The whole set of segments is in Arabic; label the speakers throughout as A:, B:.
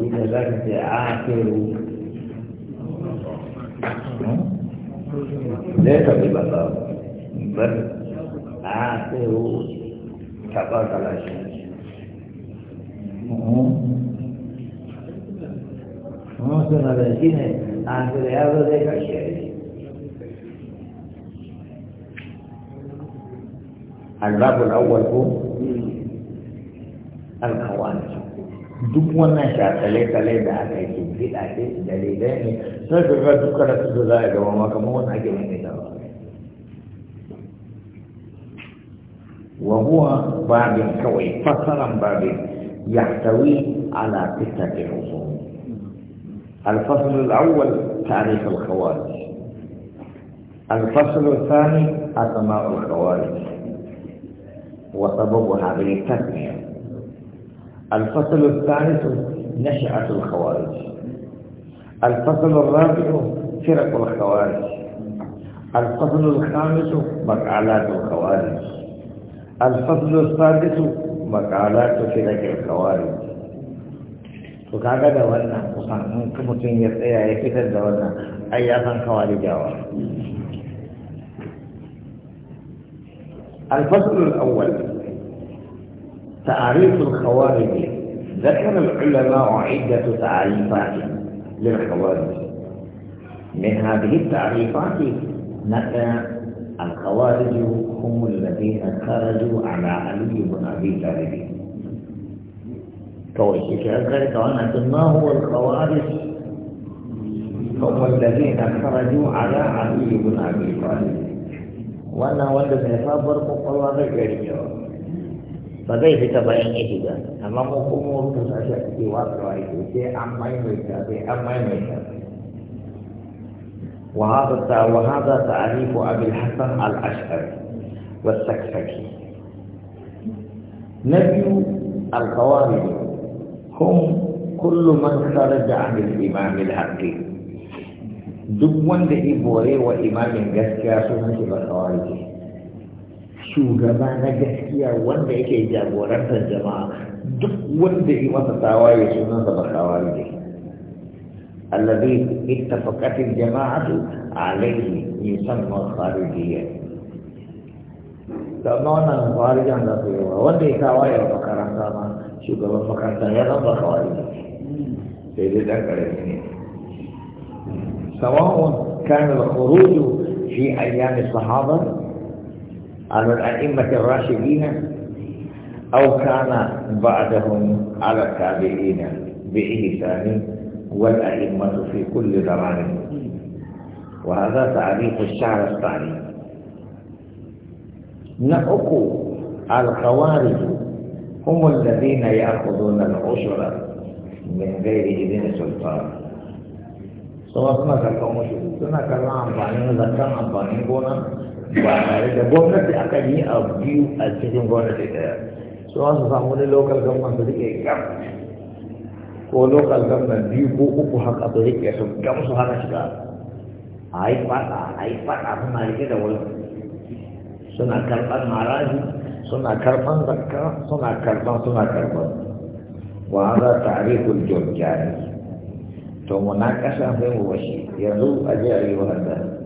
A: إذا ذاك آخر ليس ببطل بل آخر تبطل الشيء موسم الذين آخر هذا ذاك الشيء الباب الأول هو الخوارج duk wannan shakale-kale da aka yi kimfi a ce dalilai ne sai ka ga duk karatu da za a gaba ma kamar wani ake mai da ba wa huwa babin kawai fasaran babin tawi ala sittati usul الفصل الأول تعريف الخوارج الفصل الثاني أسماء الخوارج وسبب هذه التسمية الفصل الثالث نشأة الخوارج الفصل الرابع فرق الخوارج الفصل الخامس مقالات الخوارج الفصل السادس مقالات فرق الخوارج to kaga da wannan kusan in mutum ya tsaya ya fitar da wannan ai ya san kawai jawa alfasul awwal تعريف الخوارج ذكر العلماء عدة تعريفات للخوارج من هذه التعريفات نتى الخوارج هم الذين خرجوا على علي بن أبي طالب كويس طيب، كذلك ما هو الخوارج هم الذين خرجوا على علي بن أبي طالب وأنا ولد نصاب برقو الله غير ba zai fita bayan idiga amma mu kuma rubuta shi a cikin watsarwa yake sai an maimaita sai an maimaita وهذا وهذا تعريف ابي الحسن الاشعري والسكسكي نبي الخوارج هم كل من خرج عن الامام الحقي duk wanda ibore wa imamin gaskiya sunan shi ba kawai shugaba na gaskiya wanda yake jagorantar jama'a duk wanda yi masa tawaye sunan sa bakawa ne alladhi ittafaqat al-jama'atu alayhi yusamma kharijiyya da wannan kharijan da su yawa wanda ya tawaye wa makaranta ma shugaban makaranta ya zama bakawa ne sai dai dan karami ne sawa'un kana al fi ayyam sahaba عن الأئمة الراشدين أو كان بعدهم على التابعين بإحسان والأئمة في كل زمان وهذا تعريف الشعر الثاني نأكو الخوارج هم الذين يأخذون العشر من غير إذن سلطان سواء ما كان كمشي سنة كان عم ذكر عم ba tare da gwamnati kan yi a biyu a cikin gwamnati daya su wasu samu ne lokal gamman su rike gam ko lokal gamman biyu ko uku haka su rike su gam su hana shiga a yi fada a yi fada suna rike da wani suna karɓar maraji suna karɓar zakka suna karɓar suna karɓar wa za tarihul jurjani to munakasha sai mu bashi yanzu a je a yi wa hadda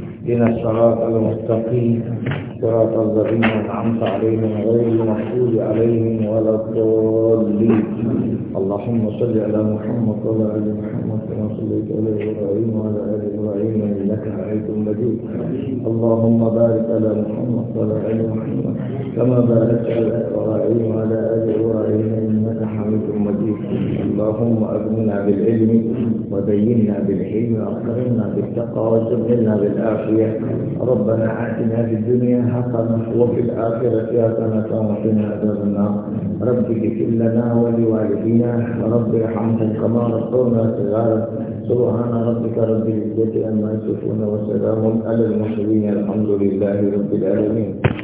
A: إن الصراط المستقيم صراط الذين أنعمت عليهم غير المغضوب عليهم ولا الضالين اللهم صل على محمد وعلى آل محمد كما صليت على إبراهيم وعلى آل إبراهيم إنك حميد مجيد اللهم بارك على محمد وعلى آل محمد كما باركت على إبراهيم وعلى آل إبراهيم إنك حميد مجيد اللهم أغننا بالعلم ودينا بالحلم وأكرمنا بالتقوى وجملنا بالعافية ربنا آتنا في الدنيا حسنة وفي الآخرة حسنة وقنا عذاب النار رب اغفر لنا ولوالدينا ورب ارحمهم كما ربونا صغارا سبحان ربك رب العزة عما يصفون وسلام على المرسلين الحمد لله رب العالمين